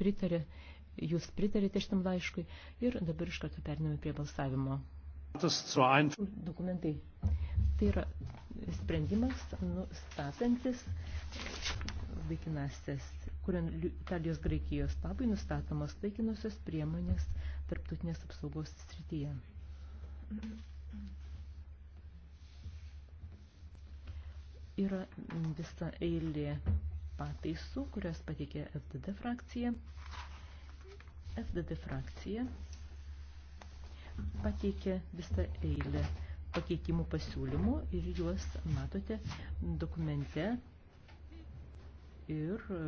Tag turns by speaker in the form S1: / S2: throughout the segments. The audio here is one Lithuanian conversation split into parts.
S1: pritarė, jūs pritarėte šitam laiškui ir dabar iš karto periname prie balsavimo. Dokumentai. Tai yra sprendimas nustatantis laikinasias, kuriuo Italijos Graikijos labai nustatomos laikinosios priemonės tarptautinės apsaugos srityje. Yra visa eilė pataisų, kurias pateikė FDD frakcija. FDD frakcija pateikė visą eilę pakeitimų pasiūlymų ir juos matote dokumente ir e,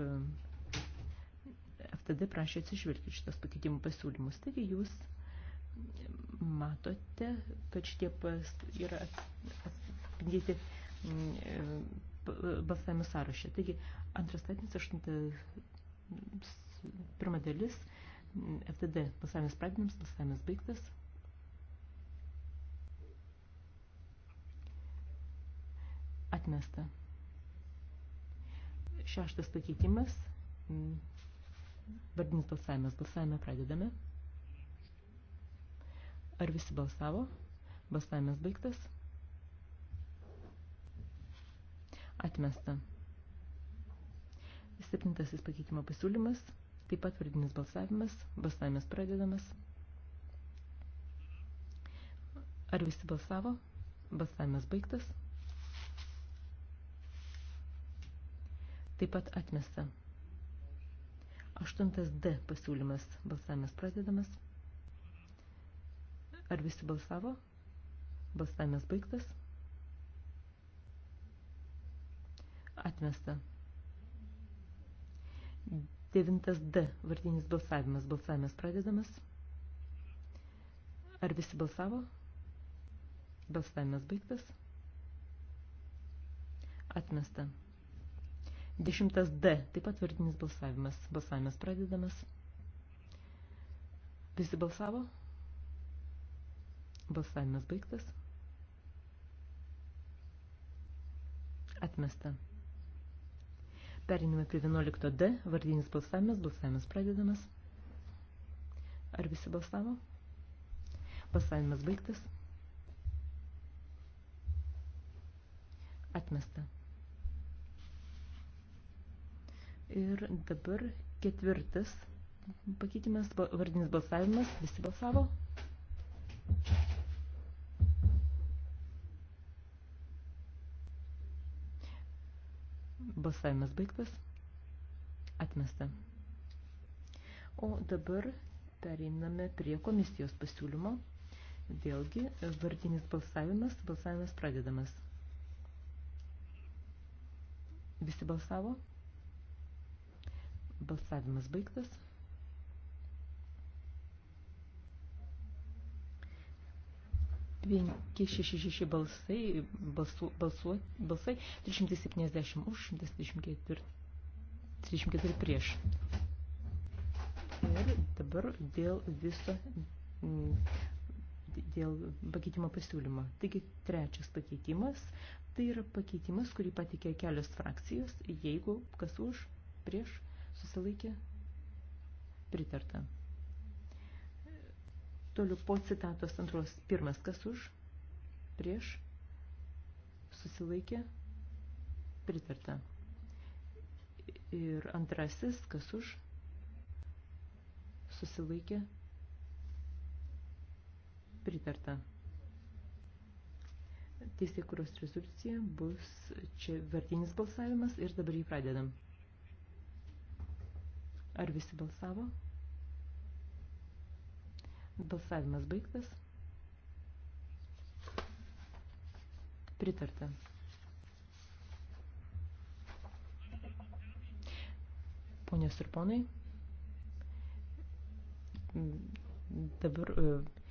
S1: FTD prašė atsižvelgti šitas pakeitimų pasiūlymus. Taigi jūs matote, kad šitie pas yra atspindėti e, balsavimo sąraše. Taigi Antras statinys, aštuntas, pirma dalis, FTD, pasavimas pradinims, pasavimas baigtas. Atmesta. Šeštas pakeitimas, vardinis balsavimas, balsavimą pradedame. Ar visi balsavo? Balsavimas baigtas. Atmesta. Septintasis pakeitimo pasiūlymas, taip pat vardinis balsavimas, balsavimas pradedamas. Ar visi balsavo? Balsavimas baigtas. Taip pat atmesta. Aštuntas D pasiūlymas, balsavimas pradedamas. Ar visi balsavo? Balsavimas baigtas. Atmesta. 9D vardinis balsavimas. Balsavimas pradedamas. Ar visi balsavo? Balsavimas baigtas. Atmesta. 10D taip pat vardinis balsavimas. Balsavimas pradedamas. Visi balsavo? Balsavimas baigtas. Atmesta. Perinime prie 11D, vardinis balsavimas, balsavimas pradedamas. Ar visi balsavo? Balsavimas baigtas. Atmesta. Ir dabar ketvirtas pakeitimas, vardinis balsavimas, visi balsavo. Balsavimas baigtas. Atmesta. O dabar pereiname prie komisijos pasiūlymo. Vėlgi, vardinis balsavimas, balsavimas pradedamas. Visi balsavo. Balsavimas baigtas. 566 balsai, balsu, balsu, balsai 370 už, 134 34 prieš. Ir dabar dėl viso, mm, dėl pakeitimo pasiūlymo. Taigi trečias pakeitimas, tai yra pakeitimas, kurį patikė kelios frakcijos, jeigu kas už, prieš, susilaikė, pritarta. Toliau po citatos antros. Pirmas, kas už, prieš, susilaikė, pritarta. Ir antrasis, kas už, susilaikė, pritarta. Teisė, kurios rezoliucija bus čia vertinis balsavimas ir dabar jį pradedam. Ar visi balsavo? Balsavimas baigtas. Pritarta. Ponios ir ponai, dabar e,